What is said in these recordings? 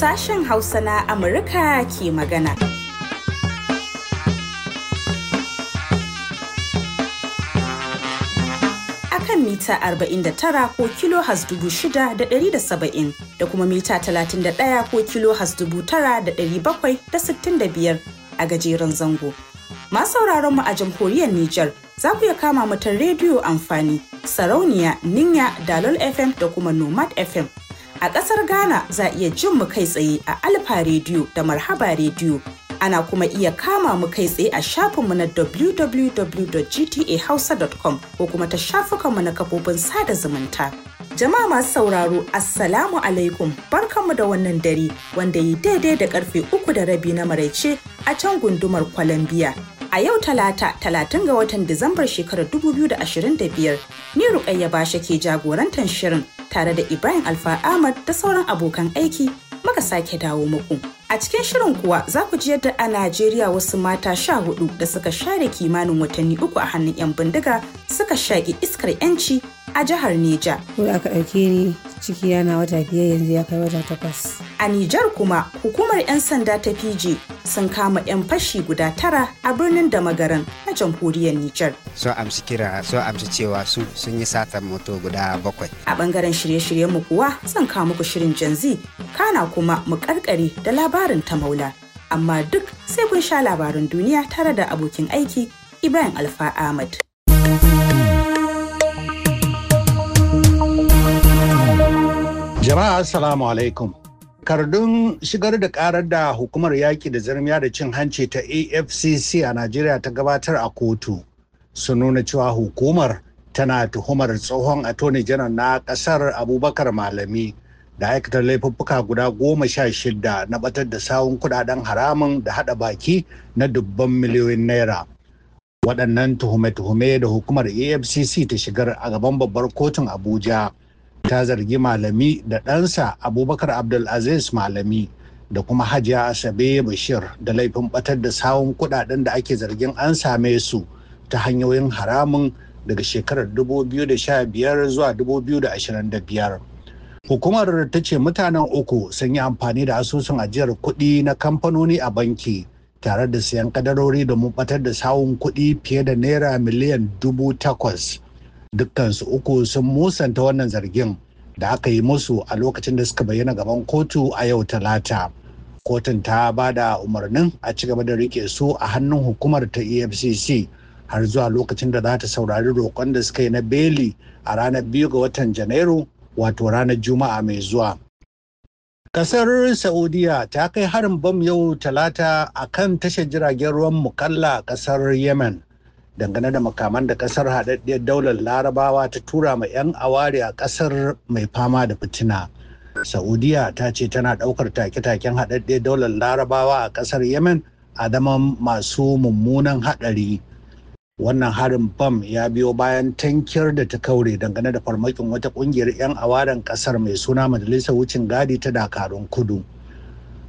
sashen Hausa na Amurka ke magana. Akan mita 49 ko kilo has dubu shida da da saba'in da kuma mita 31 ko kilo has dubu tara da da da bakwai sittin biyar a gajeren zango. Ma sauraron mu a jamhuriyar Nijar za ku iya kama mu rediyo amfani, sarauniya, ninya, dalol FM da kuma nomad FM. A ƙasar Ghana za a iya jin mu kai tsaye a Alfa Radio da Marhaba Radio. Ana kuma iya kama mu kai tsaye a shafinmu na www.gtahausa.com ko kuma ta shafukanmu na kafofin sada zumunta. Jama'a masu sauraro, Assalamu alaikum, barkanmu da wannan dare wanda yi daidai da karfe uku da rabi na maraice a can gundumar kwalambiya. A yau talata talatin ga watan Disambar shekarar 2025 ni ba shi ke jagorantar shirin tare da Ibrahim Alfa Ahmad da sauran abokan aiki muka sake dawo muku. A cikin shirin kuwa za ku ji yadda a Najeriya wasu mata sha hudu da suka share kimanin watanni uku a hannun 'yan bindiga suka shaƙi iskar 'yanci a jihar Neja. Ko aka ɗauke ni ciki yana wata biyar yanzu ya kai wata takwas. A Nijar kuma hukumar 'yan sanda ta Fiji sun kama 'yan fashi guda tara a birnin Damagaran, na jamhuriyar Nijar. Sun amshi kira so amshi cewa su sun yi satar moto guda bakwai. A bangaren shirye-shiryen mu kuwa zan kawo muku shirin janzi kana kuma mu karkare da labarin ta maula. Amma duk sai kun sha labarin duniya tare da abokin aiki Ibrahim Alfa Ahmad. Jama'a Assalamu alaikum. Kardun shigar da karar da hukumar yaƙi da zarmiya da cin hanci ta AFCC a Najeriya ta gabatar a kotu su nuna cewa hukumar tana tuhumar tsohon attorney general na ƙasar Abubakar Malami da aikatar laifuffuka guda goma sha shida na batar da sawun kudaden haramun da hada baki na dubban miliyoyin naira. Waɗannan tuhume-tuhume da hukumar AFCC ta shigar a gaban babbar kotun Abuja. ta zargi malami da ɗansa abubakar abdulaziz malami da kuma hajiya asabe bashir da laifin batar da sawun kudaden da ake zargin an same su ta hanyoyin haramun daga shekarar 2015 zuwa 2025 hukumar ta ce mutanen uku sun yi amfani da asusun ajiyar kuɗi na kamfanoni a banki tare da sayan kadarori domin batar da sawun kuɗi fiye da naira miliyan dubu takwas dukkansu uku sun musanta wannan zargin da aka yi musu a lokacin da suka bayyana gaban kotu a yau talata kotun ta ba da umarnin a ci gaba da rike su a hannun hukumar ta efcc har zuwa lokacin da za ta saurari roƙon da suka yi na beli a ranar biyu ga watan janairu wato ranar juma'a mai zuwa kasar saudiya ta kai harin bam yau talata a kan tashar jiragen ruwan mukalla kasar yemen dangane da makaman da kasar haɗaɗɗiyar daular larabawa ta tura ma 'yan aware a kasar mai fama da fitina saudiya ta ce tana ɗaukar take-taken haɗaɗɗiyar daular larabawa a kasar yemen a zaman masu mummunan haɗari wannan harin bam ya biyo bayan tankiyar da ta kaure dangane da farmakin wata ƙungiyar 'yan awaren kasar mai suna majalisar wucin gadi ta dakarun kudu.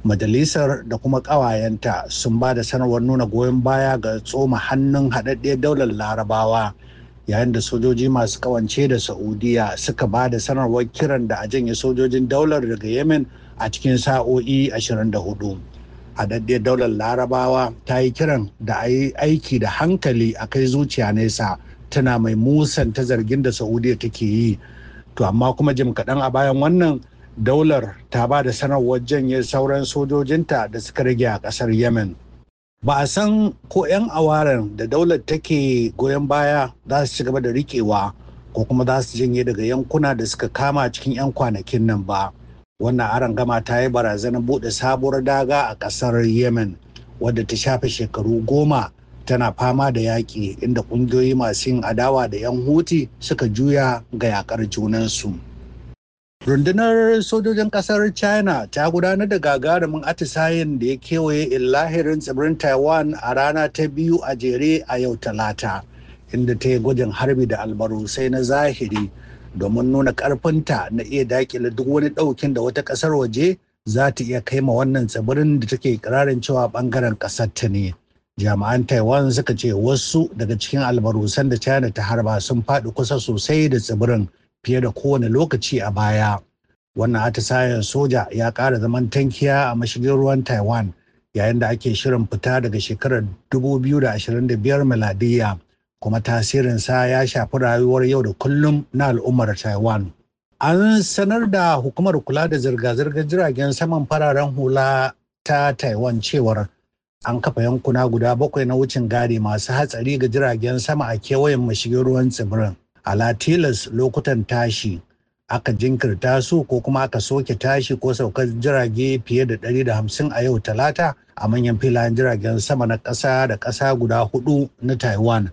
majalisar da kuma ƙawayenta sun ba da sanarwar nuna goyon baya ga tsoma hannun haɗaɗɗiyar daular larabawa yayin da sojoji masu kawance da saudiya suka ba da sanarwar kiran da a janye sojojin daular daga yemen a cikin sa'o'i 24 haɗaɗɗiyar daular larabawa ta yi kiran da a yi aiki da hankali a kai zuciya nesa tana mai musanta zargin da saudiya take yi to amma kuma jim kaɗan a bayan wannan daular ta ba da sanarwar janye sauran sojojinta da suka rage a kasar yemen ba a san ko 'yan awaren da daular take goyon baya za su ci gaba da rikewa ko kuma za su janye daga yankuna da suka kama cikin 'yan kwanakin nan ba wannan aron gama ta yi barazanar buɗe sabuwar daga a ƙasar yemen wadda ta shafe shekaru goma tana fama da yaƙi inda ƙungiyoyi masu yin adawa da 'yan huti suka juya ga yaƙar junansu. Rundunar sojojin kasar China ta gudanar da gagarumin atisayen da ya kewaye illahirin tsibirin Taiwan a rana ta biyu a jere a yau talata, inda ta yi gwajin harbi da albarusai na zahiri domin nuna ƙarfinta na iya dakile duk wani ɗaukin da wata ƙasar waje za ta iya kai ma wannan tsibirin da take kirarin cewa bangaren ƙasar ta ne. Jami'an Taiwan suka ce wasu daga cikin albarusan da China ta harba sun faɗi kusa sosai da tsibirin. fiye da kowane lokaci a baya wannan atisayen soja ya ƙara zaman tankiya a mashigin ruwan taiwan yayin da ake shirin fita daga shekarar 2025 miladiyya kuma tasirin sa ya shafi rayuwar yau da kullum na al'ummar taiwan an sanar da hukumar kula da zirga-zirgar jiragen saman fararen hula ta taiwan cewar an kafa yankuna guda bakwai na wucin gadi masu hatsari ga jiragen sama a kewayen mashigin ruwan tsibirin ala tilas lokutan tashi aka jinkirta su ko kuma aka soke tashi ko saukar jirage fiye da 150 a yau talata a manyan filayen jiragen sama na ƙasa da ƙasa guda hudu na taiwan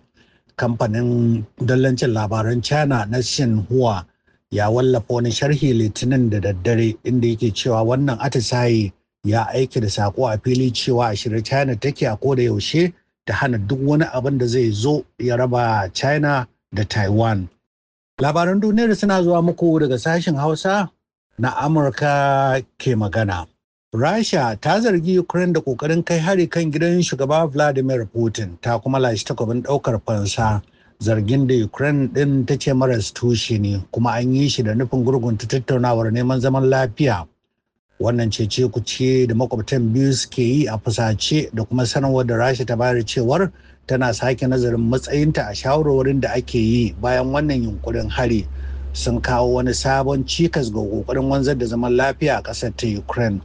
kamfanin dallancin labaran china na xinhua ya wallafa wani sharhi litinin da daddare inda yake cewa wannan atisaye ya aiki da sako a fili cewa a shirye china take a koda yaushe ta hana duk wani abin da zai zo ya raba china da Taiwan. Labaran duniyar suna zuwa muku daga sashen Hausa na Amurka ke magana. Rasha ta zargi Ukraine da ƙoƙarin kai hari kan gidan shugaba Vladimir Putin ta kuma lashe takobin ɗaukar fansa zargin da Ukraine ɗin ta ce maras tushe ne kuma an yi shi da nufin gurgunta tattaunawar neman zaman lafiya. Wannan ce ku ce da makwabtan biyu suke yi a fusace da kuma sanarwar da Rasha ta bayar cewar tana sake nazarin matsayinta a shawarwarin da ake yi bayan wannan yunkurin hari sun kawo wani sabon cikas ga kokarin wanzar da zaman lafiya a ƙasar ta ukraine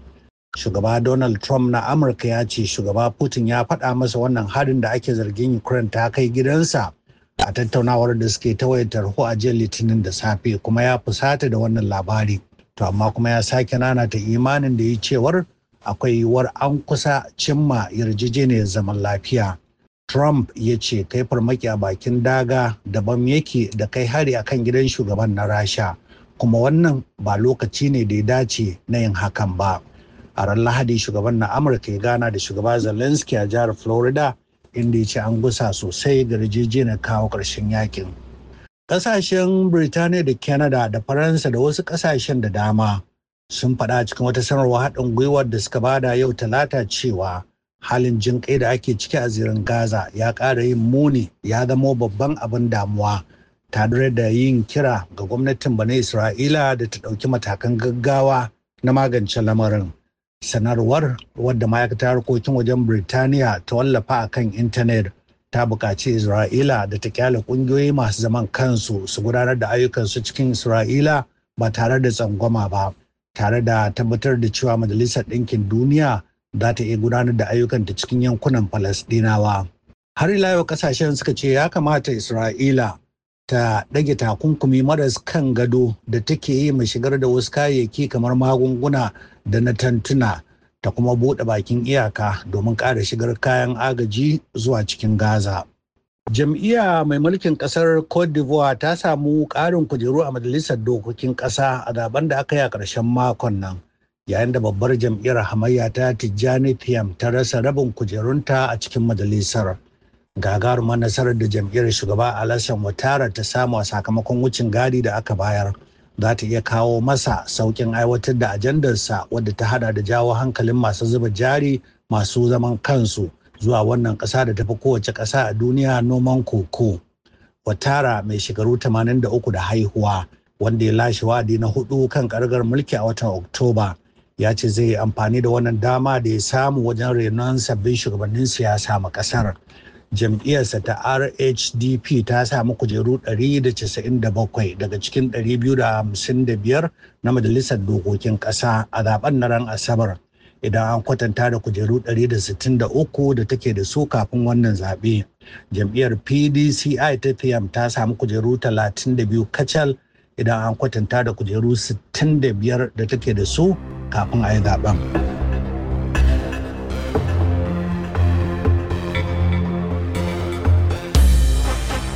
shugaba donald trump na amurka ya ce shugaba putin ya faɗa masa wannan harin da ake zargin ukraine ta kai gidansa a tattaunawar da suke ta wayar a jiya litinin da safe kuma ya fusata da wannan labari to amma kuma ya sake ta imanin da yi cewar akwai yiwuwar an kusa cimma yarjejeniyar zaman lafiya Trump ya ce kai farmaki a bakin daga daban yake da kai hari akan gidan shugaban na Rasha kuma wannan ba lokaci ne da ya dace na yin hakan ba. A ran Lahadi shugaban na Amurka ya gana da shugaba Zelensky a jihar Florida inda ya ce an gusa sosai da na kawo ƙarshen yakin. Ƙasashen Birtaniya da Canada da Faransa da wasu ƙasashen da dama sun faɗa cikin wata sanarwa haɗin gwiwar da suka bada yau talata cewa halin jin kai da ake ciki a zirin gaza ya ƙara yin muni ya zama babban abin damuwa tare da yin kira ga gwamnatin bane isra'ila da ta ɗauki matakan gaggawa na magance lamarin sanarwar wadda ma'aikatar harkokin wajen birtaniya ta wallafa a kan intanet ta buƙaci isra'ila da ta kyale ƙungiyoyi masu zaman kansu su gudanar da ayyukansu cikin isra'ila ba tare da tsangwama ba tare da tabbatar da cewa majalisar ɗinkin duniya za ta iya gudanar da ayyukanta cikin yankunan Falasɗinawa. Har ila yau kasashen suka ce ya kamata Isra'ila ta ɗage takunkumi maras kan gado da take yi mai shigar da wasu kayayyaki kamar magunguna da na tantuna ta kuma buɗe bakin iyaka domin ƙara shigar kayan agaji zuwa cikin Gaza. Jam'iyya mai mulkin ƙasar Cote d'Ivoire ta samu ƙarin kujeru a majalisar dokokin ƙasa a zaben da aka yi a ƙarshen makon nan. yayin da babbar jam'iyyar hamayya ta tijjani fiyam ta rasa rabin kujerunta a cikin majalisar gagarumar nasarar da jam'iyyar shugaba alasan watara ta samu a sakamakon wucin gadi da aka bayar za ta iya kawo masa saukin aiwatar da ajandarsa wadda ta hada da jawo hankalin masu zuba jari masu zaman kansu zuwa wannan ƙasa da tafi kowace ƙasa a duniya noman koko watara mai shekaru 83 da haihuwa wanda ya lashe wadi na hudu kan ƙargar mulki a watan oktoba ya ce zai yi amfani da wannan dama da ya samu wajen renon sabbin shugabannin siyasa ma kasar jam'iyyarsa ta rhdp ta samu kujeru 197 daga cikin 255 na majalisar dokokin ƙasa a zaben na ran asabar idan an kwatanta da kujeru 163 da take da su kafin wannan zaɓe jam'iyyar pdci ta ta samu kujeru 32 kacal idan an kwatanta da kujeru 65 da take da su kafin a yi zaben.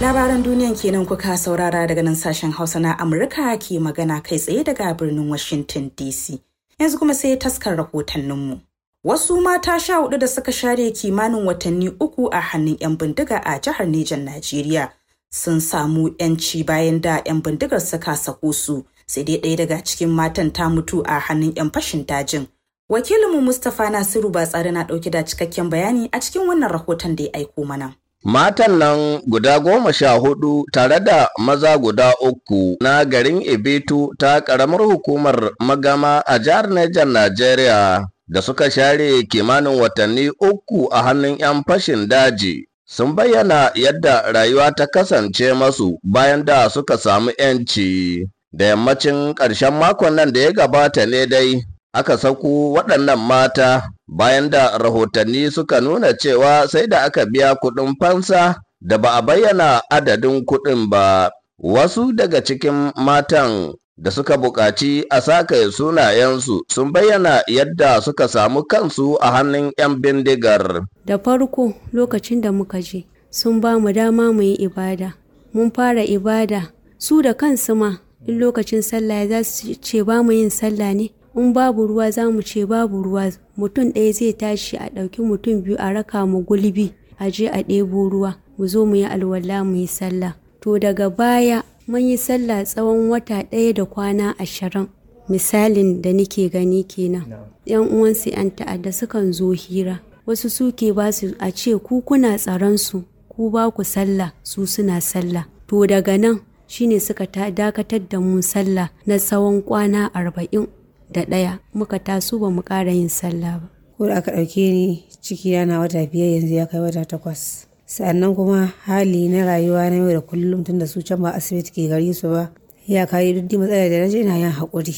Labaran duniyan kenan kuka saurara daga nan sashen Hausa na Amurka ke magana kai tsaye daga birnin Washington DC. Yanzu kuma sai taskar rahotanninmu. Wasu mata sha hudu da suka share kimanin watanni uku a hannun 'yan bindiga a jihar Nejan Najeriya sun samu 'yanci bayan da 'yan bindigar suka sako su sai dai ɗaya daga cikin matan ta mutu a hannun 'yan fashin dajin. Wakilinmu Mustapha Nasiru ba tsari na ɗauke da cikakken bayani a cikin wannan rahoton da ya aiko mana. Matan nan guda goma sha hudu tare da maza guda uku na garin Ibitu ta ƙaramar hukumar magama a jihar Nijar Najeriya da suka share kimanin watanni uku a hannun 'yan fashin daji sun bayyana yadda rayuwa ta kasance masu bayan da suka samu 'yanci da yammacin ƙarshen makon nan da ya gabata ne dai aka saku waɗannan mata bayan da rahotanni suka nuna cewa sai da aka biya kuɗin fansa da ba a bayyana adadin kuɗin ba wasu daga cikin matan da suka buƙaci a sakaye sunayensu sun bayyana yadda suka samu kansu a hannun 'yan bindigar. Da farko lokacin da muka je, sun ba mu dama mu yi ibada. Mun fara ibada, su da kansu ma in lokacin sallah za su ce ba mu yin sallah ne, in babu ruwa za mu ce babu ruwa mutum ɗaya zai tashi a ɗauki mutum biyu a raka mu gulbi a je a ɗebo ruwa mu zo mu yi alwala mu yi sallah. To daga baya mun yi sallah tsawon wata ɗaya da kwana ashirin misalin da nike gani kenan yan uwansu yan ta'adda sukan zo hira wasu suke ba su a ce ku kuna tsaron su ku ba ku sallah su suna sallah to daga nan shine suka dakatar da mu sallah na tsawon kwana arba'in da ɗaya muka taso ba mu ƙara yin sallah ba ko da aka ɗauke ni ciki yana wata biyar yanzu ya kai wata takwas sannan kuma hali na rayuwa na yau da kullum tun da su can ba asibiti ke gare su ba ya kayi duk di matsalar da naje na yin haƙuri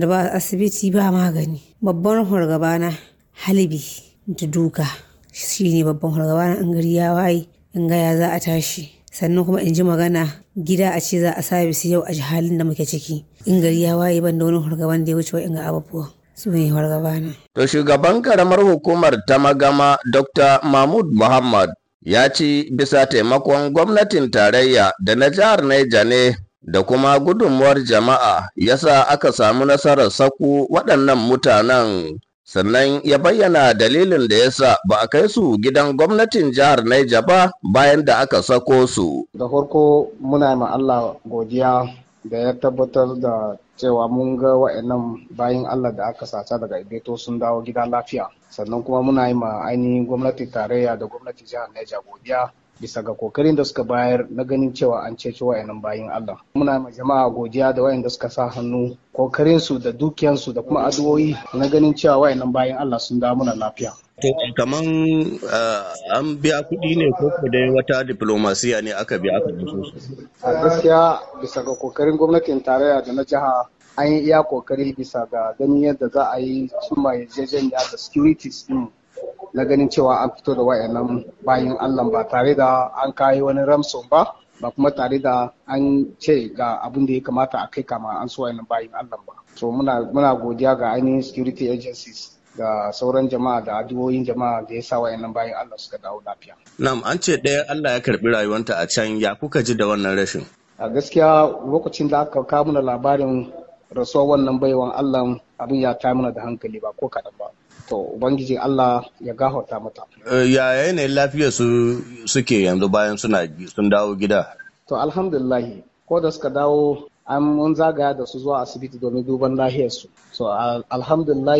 da ba asibiti ba magani babban fargaba na halibi da duka shine babban fargaba na in gari ya waye in gaya za a tashi sannan kuma in ji magana gida a ce za a sabis yau a ji halin da muke ciki in gari ya waye ban da wani fargaban da ya wuce wain ga abubuwa su ne na. To shugaban karamar hukumar ta magama Dr. Mahmud Muhammad ya ci bisa taimakon gwamnatin tarayya da na jihar Neja ne da kuma gudunmuwar jama'a ya sa aka samu nasarar saku waɗannan mutanen sannan ya bayyana dalilin da ya sa ba a kai su gidan gwamnatin jihar Neja ba bayan da aka sako su. Da farko muna ma Allah godiya da ya tabbatar da cewa mun ga wa'annan bayan Allah da aka sata daga Ibeto sun dawo gida lafiya sannan kuma muna yi ma ainihin gwamnati tarayya da gwamnati jihar Niger godiya bisa ga kokarin da suka bayar na ganin cewa an ceci wa'annan bayan Allah muna ma jama'a godiya da wa'anda suka sa hannu kokarin su da dukiyansu da kuma addu'o'i na ganin cewa wa'annan bayan Allah sun dawo muna lafiya To kaman an biya kuɗi ne ko ko dai wata diplomasiya ne aka biya aka nuso su? A gaskiya bisa ga kokarin gwamnatin tarayya da na jiha an yi iya kokari bisa ga ganin yadda za a yi cimma da securities din na ganin cewa an fito da wayannan bayan Allah ba tare da an kayi wani ramson ba ba kuma tare da an ce ga abin da ya kamata a kai kama an so wayannan bayan Allah ba. So muna godiya ga ainihin security agencies da sauran jama'a da addu'o'in jama'a da ya sa wayannan bayan Allah suka dawo lafiya. Nam an ce ɗaya Allah ya karbi rayuwanta a can ya kuka ji da wannan rashin? A gaskiya lokacin da aka kawo mana labarin rasuwar wannan baiwan Allah abin ya ta mana da hankali ba ko kaɗan ba. To Ubangiji Allah ya gahota mata. Eh, ya yanayin lafiyar su suke yanzu bayan suna sun dawo gida? To alhamdulillah ko da suka dawo an mun zagaya da su zuwa asibiti domin duban su. So alhamdulillah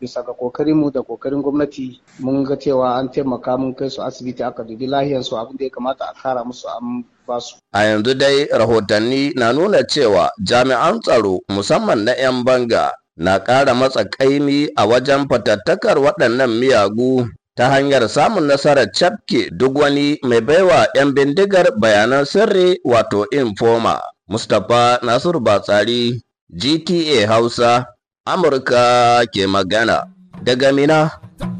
bisa ga kokarin mu da kokarin gwamnati mun ga cewa an taimaka mun kai su asibiti aka dubi su abin da ya kamata a kara musu an ba su. A yanzu dai rahotanni na nuna cewa jami'an tsaro musamman na 'yan banga na ƙara matsa ƙaimi a wajen fatattakar waɗannan miyagu ta hanyar samun nasarar cafke duk wani mai baiwa 'yan bindigar bayanan sirri wato informa. Mustapha Nasiru Batsari, GTA Hausa. Amurka ke magana daga Mina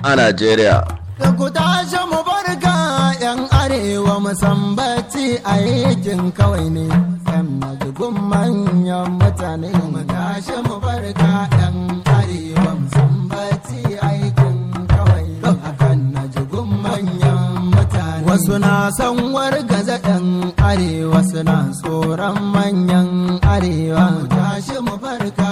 a Najeriya. Da ku tashi mu barka 'yan arewa musambaci a yakin kawai ne, 'yan majigun manyan mutane. Mu tashi mu barka 'yan arewa musambaci a yakin kawai ne, akan majigun manyan mutane. Wasu na san wargaza 'yan arewa suna tsoron manyan arewa. Mu tashi mu barka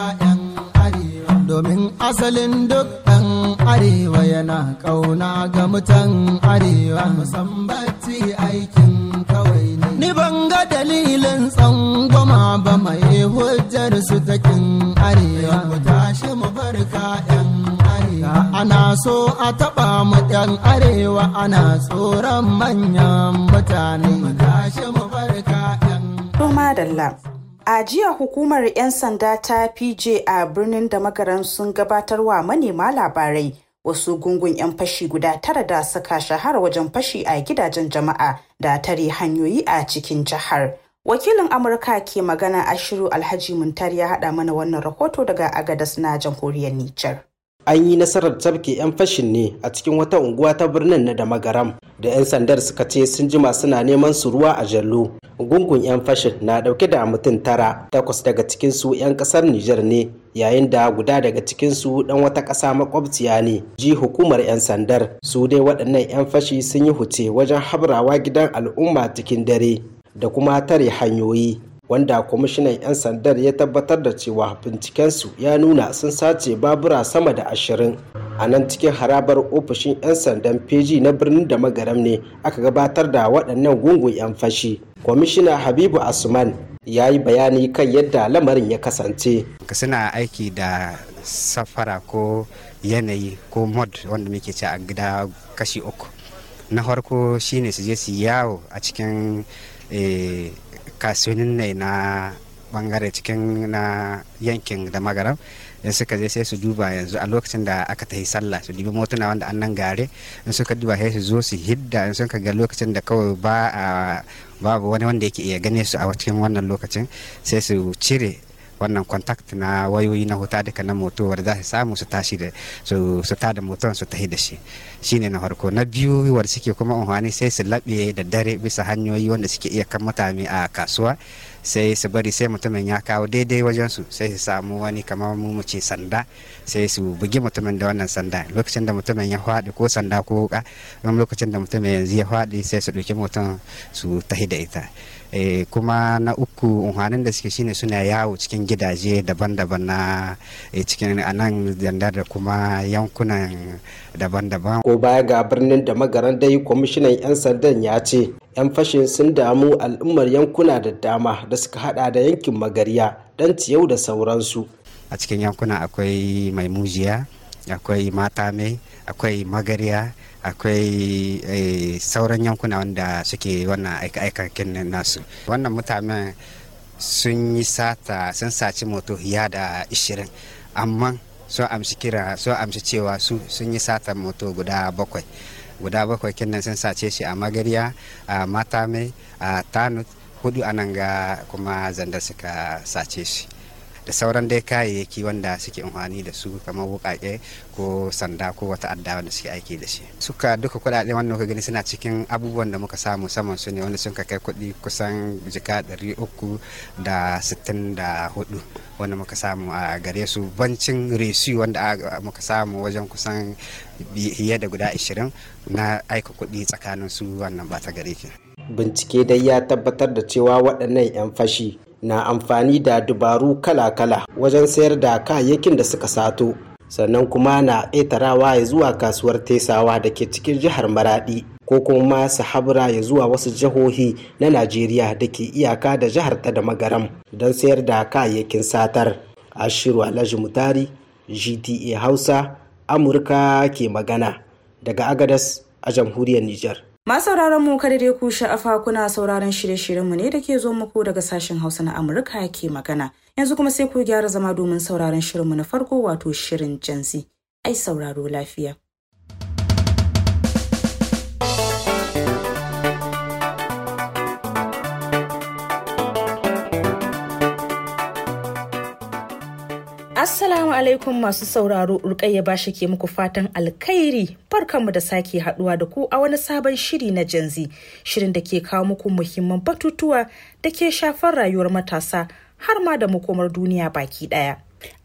asalin duk ɗan arewa yana ƙauna ga mutan arewa musambati aikin kawai ne ni ban ga dalilin tsangwama ba mai hujjar su takin arewa ku tashi mu barka ɗan arewa ana so a taɓa mu ɗan arewa ana tsoron manyan mutane mu tashi mu barka A jiya hukumar 'yan sanda ta PJ a birnin da magaran sun gabatar wa manema labarai wasu gungun 'yan fashi guda tara da suka shahara wajen fashi a gidajen jama'a da tare hanyoyi a cikin jihar. Wakilin Amurka ke magana a shiru Alhaji Muntari ya haɗa mana wannan rahoto daga Agadas na jamhuriyar Nijar. an yi nasarar tabke 'yan fashin ne a cikin wata unguwa ta birnin na damagaram da 'yan sandar suka ce sun jima suna neman su ruwa a jallo gungun 'yan fashin na dauke da mutum tara takwas daga cikinsu 'yan kasar nijar ne yayin da guda daga cikinsu dan wata ƙasa makwabciya ne ji hukumar 'yan sandar su dai waɗannan 'yan fashi sun yi huce wajen habrawa gidan al'umma cikin dare da kuma tare hanyoyi wanda kwamishinan 'yan sandar ya tabbatar da cewa bincikensu ya nuna sun sace babura sama da ashirin a nan cikin harabar ofishin 'yan sandan feji na birnin da magaram ne aka gabatar da waɗannan gungun 'yan fashi kwamishina habibu asuman ya yi bayani kan yadda lamarin ya kasance suna aiki da safara ko yanayi ko mod wanda muke ci a gida kashi uku na farko shine su je su yawo a cikin eh, kasuwanin ne na bangare cikin na yankin da magaram in suka je sai su duba yanzu a lokacin da aka tafi sallah su dubi motuna wanda an nan gare in suka duba sai su zo su hidda in suka ga lokacin da kawai ba a babu wani wanda yake iya gane su a cikin wannan lokacin sai su cire wannan contact na wayoyi na huta duka na moto wadda za su samu su tashi da su da moton su tahi da shi shine na farko na biyu wadda suke kuma unhwani sai su laɓe da dare bisa hanyoyi wanda suke iya kan mutane a kasuwa sai su bari sai mutumin ya kawo daidai wajen su sai su samu wani kamar mu mu ce sanda sai su bugi mutumin da wannan sanda lokacin da mutumin ya faɗi ko sanda ko wuka don lokacin da mutumin yanzu ya faɗi sai su ɗauki mutum su tahi da ita eh, kuma na uku unhanin da suke shine suna yawo cikin gidaje daban-daban na eh, cikin anan zandar da kuma yankunan daban-daban ko baya ga birnin da magaran dai kwamishinan 'yan sandan ya ce 'yan fashin sun damu al'ummar yankuna da dama da suka hada da yankin magariya don ciyau da sauransu a cikin yankuna akwai mai mujiya akwai mai akwai magariya akwai eh, sauran yankuna wanda suke wannan aika-aikakin nasu wannan mutanen sun yi sata sun saci moto ya da 20 amma so amshi so amshi cewa su sun yi sata moto guda bakwai guda bakwai kinnan sun sace shi a magariya a matame a tanut hudu anan ga kuma zandar suka sace shi da sauran dai kayayyaki wanda suke amfani da su kamar wukake ko sanda ko wata adda wanda suke aiki da shi suka duka kudaden wannan ka gani suna cikin abubuwan da muka samu saman su ne wanda sun ka kai kudi kusan jika 364 uku da sittin wanda muka samu a gare su bancin resu wanda muka samu wajen kusan fiye da guda 20 na aika kudi tsakanin su wannan ba ta gare ki. bincike dai ya tabbatar da cewa waɗannan 'yan fashi na amfani da dubaru kala-kala wajen sayar da kayayyakin da suka sato sannan kuma na ƙetarawa ya zuwa kasuwar tesawa da ke cikin jihar maradi ko kuma su habra ya zuwa wasu jihohi na najeriya da ke iyaka da jihar ta da magaram don sayar da kayayyakin satar ashiru alhaji mutari gta hausa amurka ke magana daga agadas a jamhuriyar niger Masu sauraron mu kada dai ku sha'afa kuna sauraron shirye-shiryenmu ne da ke zo muku daga sashen Hausa na Amurka ke magana. Yanzu kuma sai ku gyara zama domin sauraron shirinmu na farko wato shirin jansi Ai sauraro lafiya. Assalamu alaikum masu sauraro Rukayya bashi ke muku fatan alkhairi barkanmu da sake haduwa da ku a wani sabon shiri na janzi shirin da ke kawo muku muhimman batutuwa da ke shafar rayuwar matasa har ma da makomar duniya baki daya.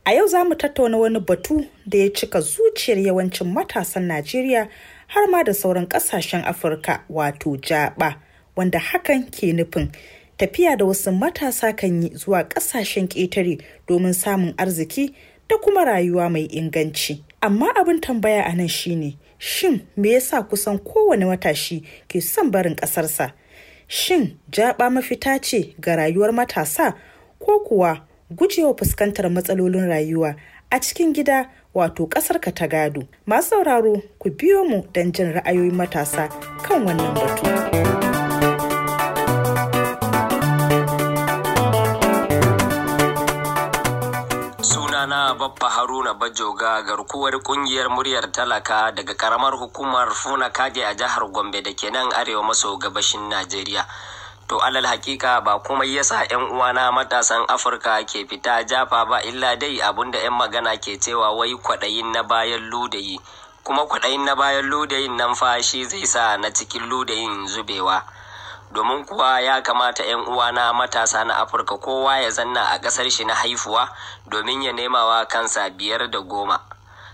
A yau za mu tattauna wani batu da ya cika zuciyar yawancin matasan Najeriya har ma da sauran kasashen Afirka wato jaba wanda hakan ke nufin tafiya da wasu matasa kan yi zuwa ƙasashen ƙetare domin samun arziki da kuma rayuwa mai inganci. Amma abin tambaya a nan shine, shin me yasa kusan kowane matashi ke son barin ƙasarsa? Shin jaɓa mafita ce ga rayuwar matasa ko kuwa gujewa fuskantar matsalolin rayuwa a cikin gida wato ka ta gado? Masu sauraro ku biyo mu don jin ra'ayoyin matasa kan wannan batu. Baffa Haruna Bajoga garkuwar kungiyar muryar talaka daga karamar hukumar Funa Kage a jihar Gombe da ke nan arewa maso gabashin Najeriya. To alal hakika ba kuma yasa 'yan uwana matasan Afirka ke fita jafa ba illa dai abinda 'yan magana ke cewa wai kwaɗayin na bayan ludayi. Kuma kwaɗayin na bayan ludayin nan fa shi zai sa na cikin ludayin zubewa. domin kuwa ya kamata 'yan uwana matasa na afirka kowa ya zanna a ƙasar shi na haifuwa domin ya nemawa kansa biyar da goma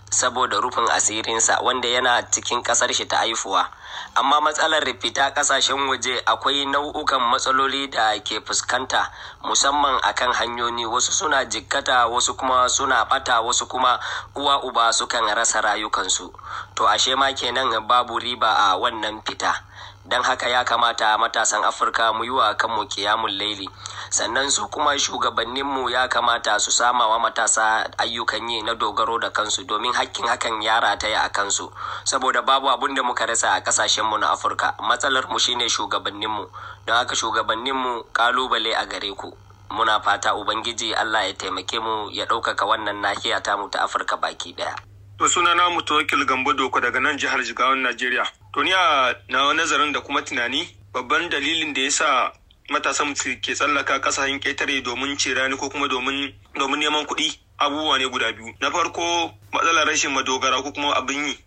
saboda rufin asirinsa wanda yana cikin ƙasar shi ta haifuwa amma matsalar rufita ƙasashen waje akwai nau'ukan matsaloli da ke fuskanta musamman akan hanyoyi wasu suna jikkata wasu kuma suna bata wasu kuma uwa uba sukan rasa rayukansu to ashe ma kenan babu riba a wannan fita don haka ya kamata matasan afirka mu yi wa kanmu kiyamun laili sannan su kuma shugabanninmu ya kamata su sama wa matasa ayyukan yi na dogaro da kansu domin hakkin hakan ya rataya a kansu saboda babu abin da muka rasa a kasashenmu na afirka matsalar mu shine shugabanninmu don haka shugabanninmu kalubale a gare ku muna fata ubangiji allah ya taimake mu ya ɗaukaka wannan nahiya tamu ta afirka baki ɗaya To suna na wakil Gambo Doko daga nan jihar Jigawan Najeriya. To ni a na nazarin da kuma tunani babban dalilin da yasa matasan ke tsallaka kasashen ƙetare domin ce rani ko kuma domin neman kuɗi abubuwa ne guda biyu. Na farko matsalar rashin madogara ko kuma abin yi.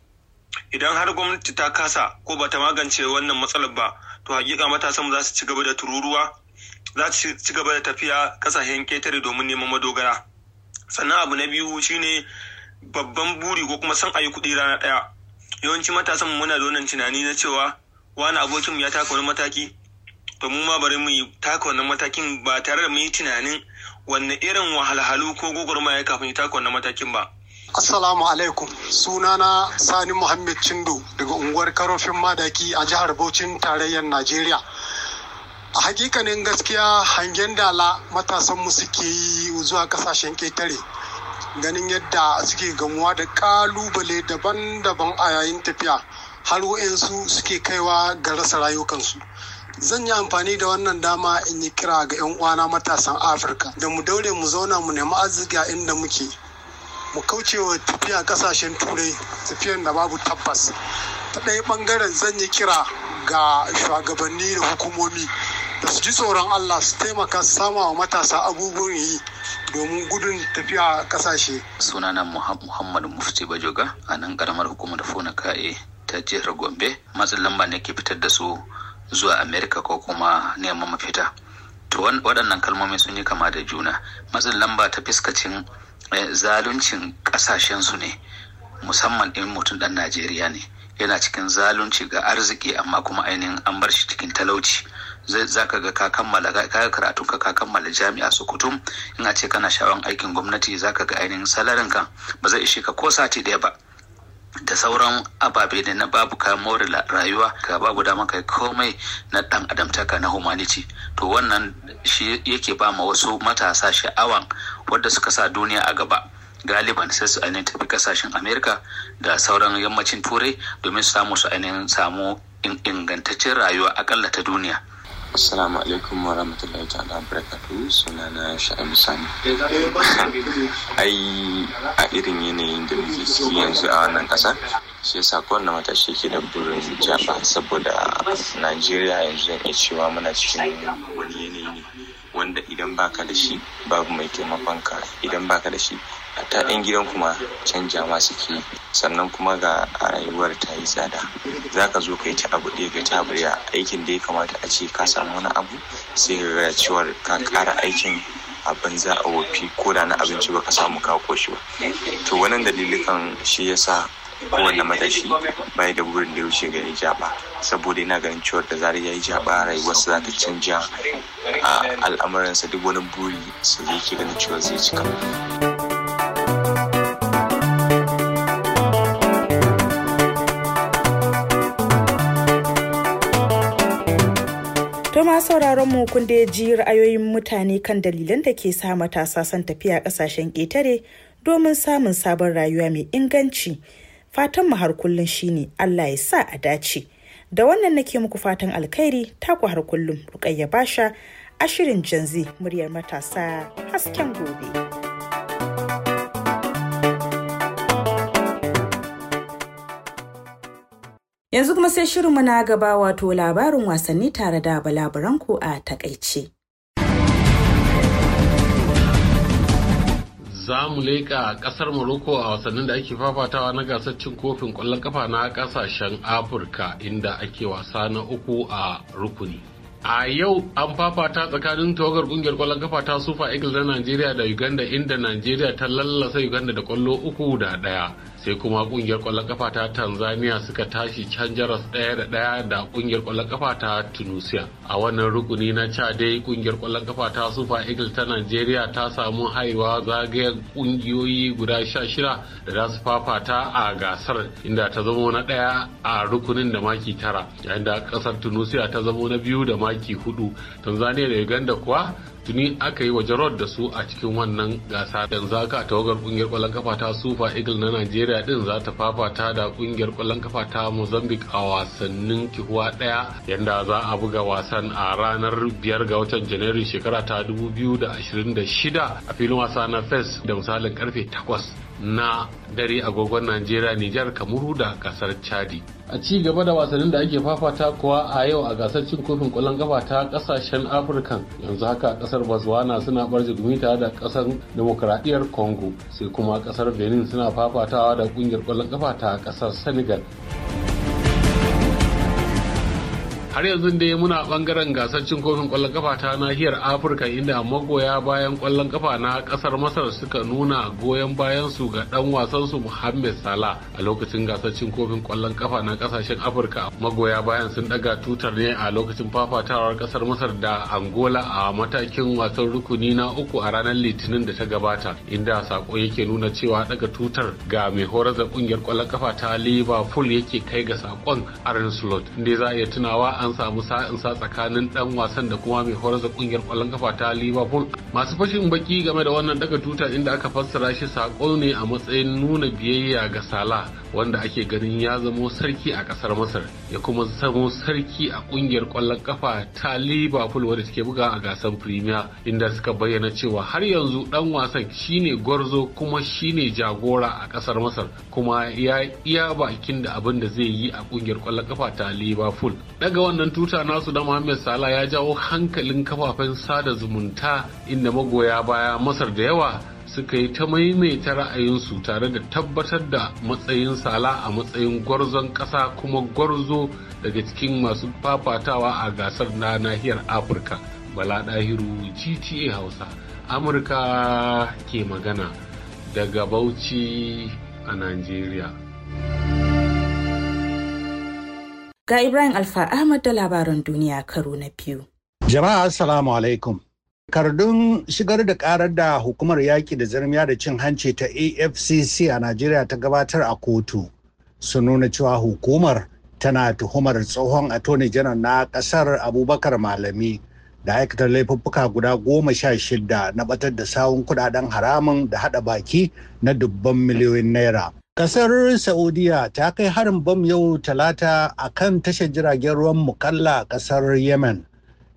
Idan har gwamnati ta kasa ko bata magance wannan matsalar ba to hakika matasan za su ci gaba da tururuwa za su ci gaba da tafiya kasashen ƙetare domin neman madogara. Sannan abu na biyu shine babban buri ko kuma san a yi kuɗi rana ɗaya yawanci matasan muna da tunani na cewa wani abokinmu ya taka wani mataki to mu ma bari mu yi taka wannan matakin ba tare da mu yi tunanin wanne irin wahalhalu ko ya kafin ya taka wannan matakin ba. Assalamu alaikum na Sani Muhammad Chindo daga unguwar Karofin Madaki a jihar Bauchin tarayyar Najeriya. A hakikanin gaskiya hangen dala matasanmu suke yi zuwa kasashen ketare. ganin yadda suke gamuwa da kalubale daban-daban a yayin tafiya har wa'insu suke kaiwa ga rasa rayukansu zan yi amfani da wannan dama in yi kira ga 'yan uwana matasan afirka da mu daure mu zauna mu nemi arziki a inda muke mu kauce wa tafiya kasashen turai tafiyan da babu tabbas ta ɗaya ɓangaren zan yi kira ga shugabanni da hukumomi da su ji tsoron allah su taimaka su sama wa matasa abubuwan yi domin gudun tafiya kasashe. sunana muhammadu mufti bajoga a nan karamar hukumar fona ka'e ta jihar gombe matsin lamba ne ke fitar da su zuwa amerika ko kuma neman mafita to waɗannan kalmomi sun yi kama da juna matsin lamba ta fiskacin eh, zaluncin su ne musamman in mutum ɗan najeriya ne yana cikin zalunci ga arziki amma kuma ainihin an bar shi cikin talauci za ka ga ka kammala ka karatun ka ka kammala jami'a su kutum in a ce kana sha'awar aikin gwamnati za ka ga ainihin salarin ka ba zai ishe ka ko sati daya ba da sauran ababe da na babu kayan more rayuwa ka babu dama kai komai na dan adamtaka na humanity to wannan shi yake ba ma wasu matasa sha'awan wadda suka sa duniya a gaba galiban sai su ainihin tafi kasashen amerika da sauran yammacin turai domin su samu su ainihin samu ingantaccen rayuwa akalla ta duniya Assalamu alaikum wa rahmatullahi ta'ala barakatu suna na sha'abu sani. Ai a irin yanayin da muke ciki yanzu a wannan ƙasa, shi yasa kowanne matashi ke da burin jaba saboda Najeriya yanzu zan cewa muna cikin wani yanayi ne wanda idan baka da shi babu mai taimakon ka idan baka da shi hatta 'yan gidan kuma canja ma suke sannan kuma ga rayuwar ta yi tsada za ka zo ka yi ta abu ɗaya ka ta abu aikin da ya kamata a ce ka samu wani abu sai ka ga cewa ka ƙara aikin abin za a wofi ko da na abinci ba ka samu ka koshi ba to wannan dalilikan shi ya sa kowane matashi bai da burin da ya wuce ga ya jaba saboda yana ganin cewa da zarar ya yi jaba rayuwarsa za ta canja a al'amuransa duk wani buri su zai ke ganin cewa zai cika sauraron mu kun da ji ra'ayoyin mutane kan dalilan da ke sa matasa son tafiya kasashen ƙetare domin samun sabon rayuwa mai inganci. Fatan mu har kullum shine Allah ya sa a dace. Da wannan nake muku fatan alkhairi taku har kullum Rukayya Basha a shirin Janzi muryar matasa hasken gobe. Yanzu kuma sai shirinmu na gaba wato labarin wasanni tare da balaburanku a takaice. za mu leƙa ƙasar Morocco a wasannin da ake fafatawa na gasar cin kofin ƙwallon kafa na ƙasashen Afirka inda ake wasa na uku a rukuni. A yau an fafata tsakanin tawagar ƙungiyar ƙwallon kafa ta Super Eagles na Najeriya da Uganda inda Najeriya ta lallasa Uganda da ƙwallo uku da ɗaya. sai kuma kungiyar kwallon kafa ta tanzania suka tashi can jaras ɗaya da ɗaya da kungiyar kwallon kafa ta tunisia a wannan rukuni na ca dai kungiyar kwallon kafa ta super eagle ta nigeria ta samu haihuwa zagayen kungiyoyi guda sha shida da za su fafata a gasar inda ta zamo na ɗaya a rukunin da maki tara yayin da ƙasar tunisia ta zamo na biyu da maki hudu tanzania da uganda kuwa tuni aka yi wa jarod da su a cikin wannan gasa yanzu a tawagar kungiyar kwallon kafa ta super eagle na nigeria din za ta fafata da kungiyar kwallon kafa ta mozambique a wasannin kihuwa daya yanda za a buga wasan a ranar biyar ga watan janairun shekara ta 2026 a filin wasa na fes da misalin karfe 8 na dare agogon Najeriya, Nijar, kamuru da kasar Chadi. A ci gaba da wasannin da ake fafata kuwa a yau a gasar cin kofin kwallon kafa ta kasashen Afirka yanzu haka kasar Botswana suna barje gumi tare da kasar Demokradiyyar Congo sai kuma kasar Benin suna fafatawa da kungiyar kwallon kafa ta kasar Senegal. har yanzu dai muna bangaren gasar cin kofin kwallon kafa ta nahiyar afirka inda magoya bayan kwallon kafa na kasar masar suka nuna goyon bayan su ga dan wasan su muhammed salah a lokacin gasar cin kofin kwallon kafa na kasashen afirka magoya bayan sun daga tutar ne a lokacin fafatawar kasar masar da angola a matakin wasan rukuni na uku a ranar litinin da ta gabata inda sako yake nuna cewa daga tutar ga mai horar da kungiyar kwallon kafa ta liverpool yake kai ga sakon arin slot inda za a iya tunawa an samu sa'insa tsakanin dan wasan da kuma mai horar da kungiyar kwallon kafa ta liverpool masu fashin baki game da wannan daga tuta inda aka fassara shi sako ne a matsayin nuna biyayya ga sala wanda ake ganin ya zamo sarki a kasar masar ya kuma zamo sarki a kungiyar kwallon kafa ta liverpool wadda take buga a gasar premier inda suka bayyana cewa har yanzu dan wasan shine gwarzo kuma shine jagora a kasar masar kuma ya iya bakin da abin da zai yi a kungiyar kwallon kafa ta liverpool daga wannan tuta nasu da Mohamed Salah ya jawo hankalin kafafen sada zumunta inda magoya baya Masar da yawa suka yi ta maimaita ra'ayinsu tare da tabbatar da matsayin sala a matsayin gwarzon ƙasa kuma gwarzo daga cikin masu fafatawa a gasar na nahiyar afirka bala ɗahiru gta hausa amurka ke magana daga bauchi a Najeriya. Ga Ibrahim Alfa Ahmad da labaran duniya karo na biyu. Jama'a Assalamu alaikum. Kardun shigar da karar da hukumar yaƙi da zarmiya da cin hanci ta AFCC a Najeriya ta gabatar a kotu su nuna cewa hukumar tana tuhumar tsohon attorney general na ƙasar Abubakar Malami da aikatar laifuffuka guda goma sha shida na batar da sawun kudaden haramun da hada baki na dubban miliyoyin naira. Kasar Saudiya ta kai harin bom yau talata a kan tashar jiragen ruwan mukalla a kasar Yemen.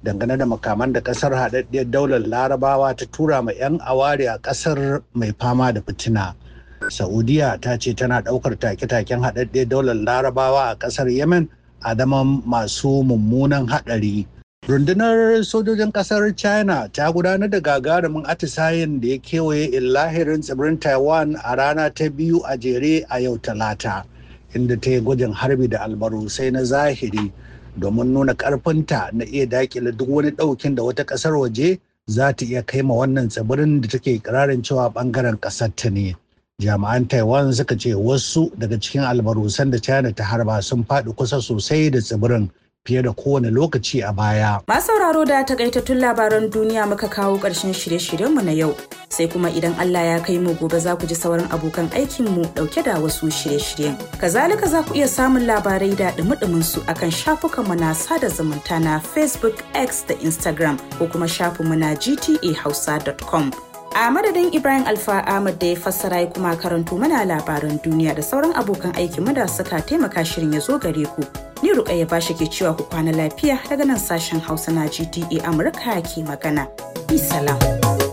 Dangane da makaman da kasar haɗaɗɗiyar daular larabawa ta tura ma 'yan aware a kasar mai fama da fitina. Saudiya ta ce tana ɗaukar take-taken haɗaɗɗiyar daular larabawa a kasar Yemen a masu mummunan haɗari. Rundunar sojojin kasar China ta gudanar da gagarumin atisayen da ya kewaye illahirin tsibirin Taiwan a rana ta biyu a jere a yau talata, inda ta yi gwajin harbi da albarusai na zahiri domin nuna karfinta na iya dakile duk wani ɗaukin da wata ƙasar waje za ta iya kai ma wannan tsibirin da take ƙirarin cewa bangaren kasar ta ne. Jami'an Taiwan suka ce wasu daga cikin albarusan da China ta harba sun faɗi kusa sosai da tsibirin. fiye da kowane lokaci a baya. Ma sauraro da takaitattun labaran duniya muka kawo ƙarshen shirye-shiryenmu na yau. Sai kuma idan Allah ya kai mu gobe za ku ji sauran abokan aikin mu ɗauke da wasu shirye-shiryen. Kazalika za ku iya samun labarai da dumi-dumin su akan shafukanmu na sada zumunta na Facebook, X da Instagram ko kuma shafinmu na gtahausa.com. A madadin Ibrahim Alfa Ahmad da ya fassara ya kuma karanto mana labaran duniya da sauran abokan aikinmu da suka taimaka shirin ya zo gare ku. Ni ya ba shi ke cewa ku kwana lafiya daga nan sashen Hausa na gda e Amurka ke magana. Bi salam.